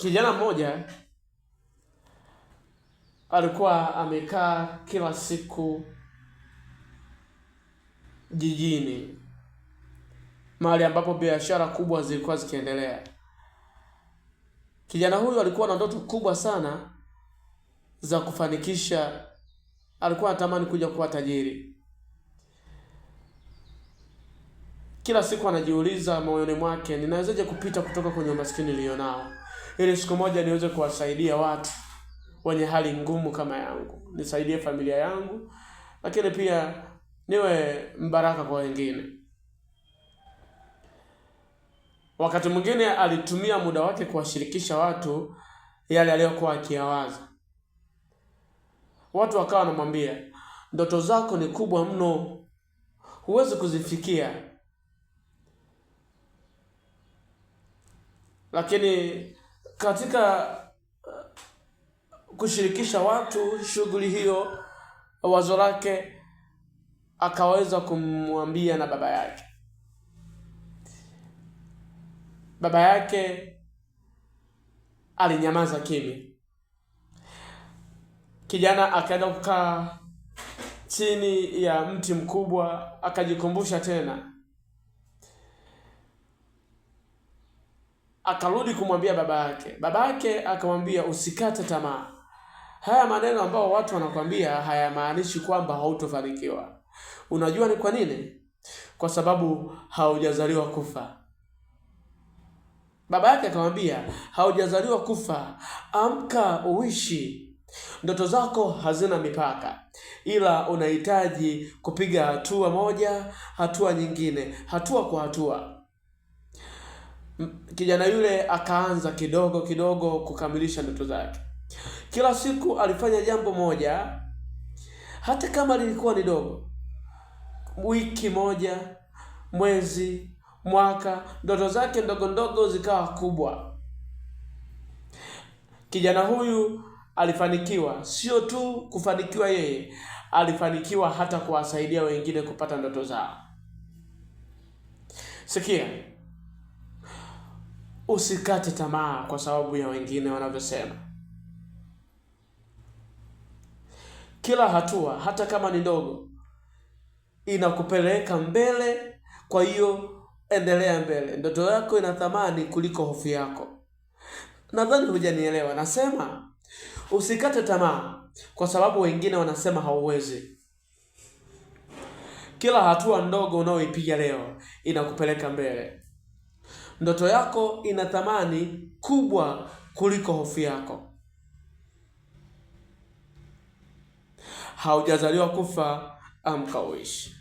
Kijana mmoja alikuwa amekaa kila siku jijini, mahali ambapo biashara kubwa zilikuwa zikiendelea. Kijana huyu alikuwa na ndoto kubwa sana za kufanikisha, alikuwa anatamani kuja kuwa tajiri. Kila siku anajiuliza moyoni mwake, ninawezaje kupita kutoka kwenye umaskini nilionao ili siku moja niweze kuwasaidia watu wenye hali ngumu kama yangu, nisaidie familia yangu, lakini pia niwe mbaraka kwa wengine. Wakati mwingine alitumia muda wake kuwashirikisha watu yale aliyokuwa akiyawaza. Watu wakawa wanamwambia, ndoto zako ni kubwa mno, huwezi kuzifikia, lakini katika uh, kushirikisha watu shughuli hiyo, wazo lake akaweza kumwambia na baba yake. Baba yake alinyamaza kimi Kijana akaenda kukaa chini ya mti mkubwa, akajikumbusha tena akarudi kumwambia baba yake. Baba yake akamwambia usikate tamaa. Haya maneno ambayo watu wanakwambia hayamaanishi kwamba hautofanikiwa. Unajua ni kwa nini? Kwa sababu haujazaliwa kufa. Baba yake akamwambia, haujazaliwa kufa, amka uishi. Ndoto zako hazina mipaka, ila unahitaji kupiga hatua moja, hatua nyingine, hatua kwa hatua kijana yule akaanza kidogo kidogo kukamilisha ndoto zake. Kila siku alifanya jambo moja, hata kama lilikuwa ni dogo. Wiki moja, mwezi, mwaka, ndoto zake ndogo ndogo zikawa kubwa. Kijana huyu alifanikiwa, sio tu kufanikiwa yeye, alifanikiwa hata kuwasaidia wengine kupata ndoto zao. Sikia, Usikate tamaa kwa sababu ya wengine wanavyosema. Kila hatua, hata kama ni ndogo, inakupeleka mbele. Kwa hiyo endelea mbele, ndoto yako ina thamani kuliko hofu yako. Nadhani hujanielewa. Nasema usikate tamaa kwa sababu wengine wanasema hauwezi. Kila hatua ndogo unaoipiga leo inakupeleka mbele. Ndoto yako ina thamani kubwa kuliko hofu yako. Haujazaliwa kufa, amka uishi.